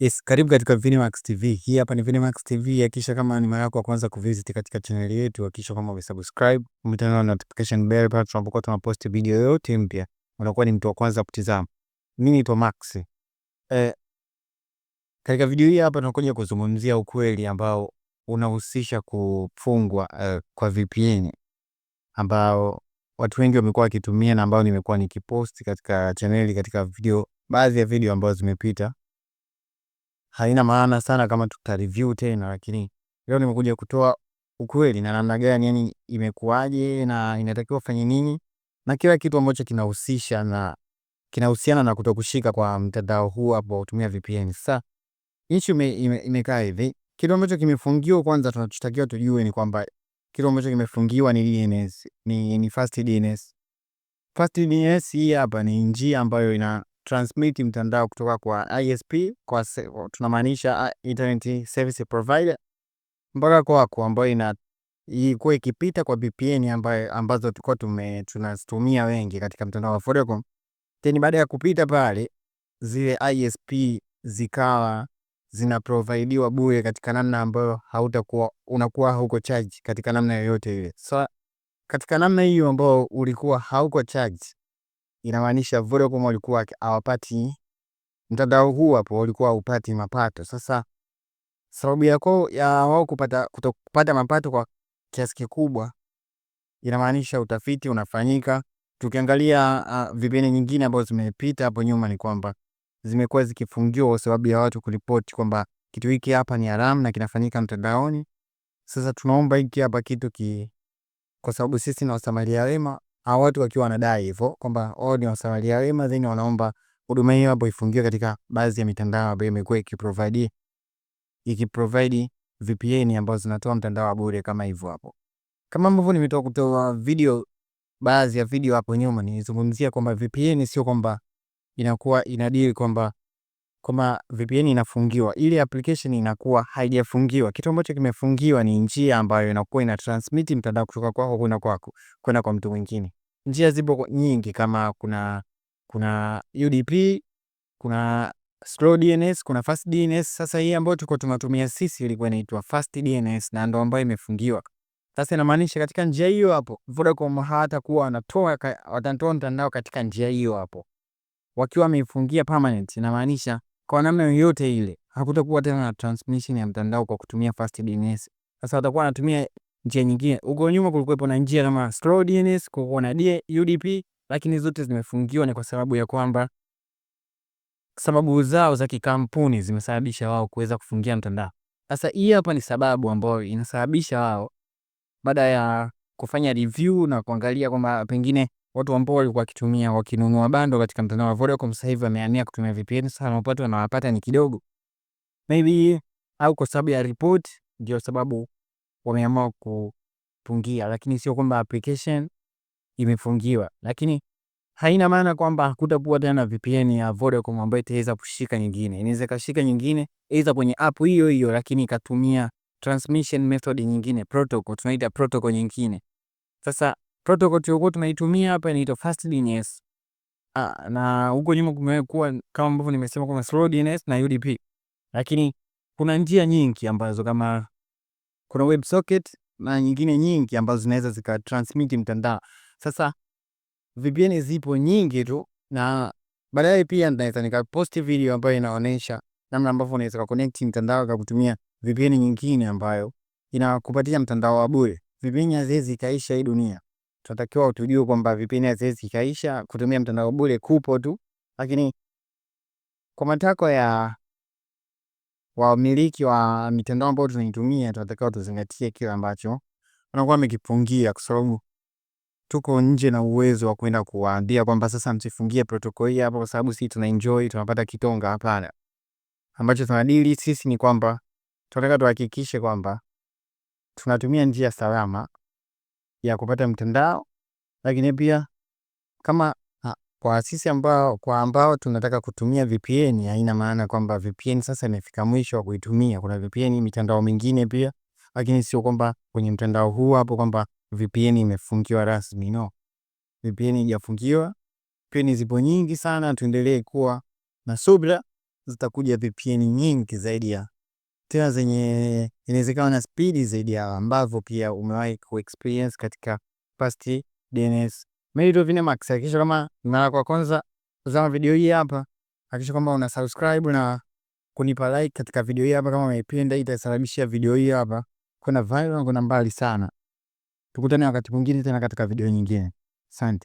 Yes, karibu katika Vinimax TV. Hii hapa ni Vinimax TV. Hakikisha kama ni mara yako ya kwanza kuvisit katika channel yetu, hakikisha kama umesubscribe, umetana notification bell pale tunapokuwa tunapost video yoyote mpya. Unakuwa ni mtu wa kwanza kutizama. Mimi ni Max. Eh, katika video hii hapa tunakuja kuzungumzia ukweli ambao unahusisha kufungwa eh, kwa VPN ambao watu wengi wamekuwa wakitumia na ambao nimekuwa nikipost katika channel katika video baadhi ya video ambazo zimepita haina maana sana kama tuta review tena, lakini leo nimekuja kutoa ukweli na namna gani, yani imekuwaje na inatakiwa fanye nini na kila kitu ambacho kinahusisha na kinahusiana na kutokushika kwa mtandao huu hapo kutumia VPN. Sasa hicho imekaa hivi, kitu ambacho kimefungiwa, kwanza tunachotakiwa tujue ni kwamba kitu ambacho kimefungiwa ni DNS, ni, ni fast DNS. Fast DNS hii hapa ni njia ambayo ina transmit mtandao kutoka kwa ISP kwa se, tunamaanisha ah, internet service provider mpaka kwako, ambayo ina ilikuwa ikipita kwa VPN ambayo ambazo tulikuwa tume tunazitumia wengi katika mtandao wa Vodacom. Then baada ya kupita pale, zile ISP zikawa zina zinaprovidiwa bure katika namna ambayo hautakuwa unakuwa huko charge katika namna yoyote ile. So katika namna hiyo ambayo ulikuwa hauko charge inamaanisha Vodacom walikuwa hawapati mtandao huu hapo, walikuwa haupati mapato. Sasa sababu yako ya wao kupata kutopata mapato kwa kiasi kikubwa inamaanisha utafiti unafanyika. Tukiangalia uh, vipindi nyingine ambazo zimepita hapo nyuma ni kwamba zimekuwa zikifungiwa kwa sababu ya watu kuripoti kwamba kitu hiki hapa ni haramu na kinafanyika mtandaoni. Sasa tunaomba hiki hapa kitu ki, kwa sababu sisi na wasamaria wema hawa watu wakiwa wanadai hivyo kwamba wao oh, ni wasamaria wema, then wanaomba huduma hiyo hapo ifungiwe katika baadhi ya mitandao ambayo imekuwa ikiprovide ikiprovide VPN ambazo zinatoa mtandao wa bure kama hivyo hapo. Kama ambavyo nimetoa kutoa video, baadhi ya video hapo nyuma nilizungumzia kwamba VPN sio kwamba inakuwa inadili kwamba kwamba VPN inafungiwa, ile application inakuwa haijafungiwa. Kitu ambacho kimefungiwa ni njia ambayo inakuwa ina transmit mtandao kutoka kwako kwenda kwako kwenda kwa mtu mwingine. Njia zipo nyingi, kama kuna kuna UDP, kuna slow DNS, kuna fast DNS. Sasa hii ambayo tuko tunatumia sisi ilikuwa inaitwa fast DNS na ndio ambayo imefungiwa. Sasa inamaanisha katika njia hiyo hapo Vodacom hawatakuwa wanatoa watatoa mtandao katika njia hiyo hapo wakiwa wameifungia permanent, inamaanisha kwa namna yoyote ile. Hakutakuwa tena na transmission ya mtandao kwa kutumia fast DNS. Sasa watakuwa wanatumia njia nyingine. Huko nyuma kulikuwepo na njia kama slow DNS, kulikuwa na UDP, lakini zote zimefungiwa, ni kwa sababu ya kwamba sababu zao za kikampuni zimesababisha wao kuweza kufungia mtandao. Sasa hii hapa ni sababu ambayo inasababisha wao baada ya kufanya review na kuangalia kwamba pengine watu ambao walikuwa wakitumia wakinunua bando katika mtandao wa Vodacom sasa hivi wameania kutumia VPN sana, mapato wanawapata ni kidogo maybe, au kwa sababu ya report ndio sababu wameamua kupungia, lakini sio kwamba application imefungiwa, lakini haina maana kwamba hakutakuwa tena VPN ya Vodacom ambayo itaweza kushika nyingine. Inaweza kashika nyingine aidha kwenye app hiyo hiyo, lakini ikatumia transmission method nyingine, protocol tunaita protocol nyingine. Sasa protocol tulikuwa tunaitumia hapa inaitwa fastDNS. Ah, na huko nyuma kumekuwa kama ambavyo nimesema kuna slowDNS na UDP. Lakini kuna njia nyingi ambazo kama kuna WebSocket na nyingine nyingi ambazo zinaweza zika transmit mtandao. Sasa VPN zipo nyingi tu na baadaye pia naweza nika post video ambayo inaonyesha namna ambavyo unaweza connect mtandao kwa kutumia VPN nyingine ambayo inakupatia mtandao wa bure. VPN haziwezi kaisha hii dunia tunatakiwa tujue kwamba VPN haziwezi ikaisha, kutumia mtandao bure kupo tu, lakini kwa matakwa ya wamiliki wa mitandao ambao tunaitumia, tunatakiwa tuzingatie kile ambacho wanakuwa wamekipungia, kwa sababu tuko nje na uwezo wa kwenda kuwaambia kwamba sasa msifungie protokoli hii hapa, kwa sababu sisi tuna enjoy tunapata kitonga. Hapana, ambacho tunadili sisi ni kwamba tunataka tuhakikishe kwamba tunatumia njia salama ya kupata mtandao, lakini pia kama ha, ah, kwa sisi ambao kwa ambao tunataka kutumia VPN, haina maana kwamba VPN sasa imefika mwisho wa kuitumia. Kuna VPN mitandao mingine pia, lakini sio kwamba kwenye mtandao huu hapo kwamba VPN imefungiwa rasmi, no. VPN haijafungiwa, VPN zipo nyingi sana, tuendelee kuwa na subira, zitakuja VPN nyingi zaidi ya tena zenye inawezekana na spidi zaidi ya ambavyo pia umewahi kuexperience katika past DNS. Mimi ndio Vina Max, hakikisha kama mara kwa kwanza tazama video hii hapa, hakikisha kwamba una subscribe na kunipa like katika video hii hapa kama umeipenda. itasalimisha video hii hapa kuna viral, kuna mbali sana. Tukutane wakati mwingine tena katika video nyingine. Asante.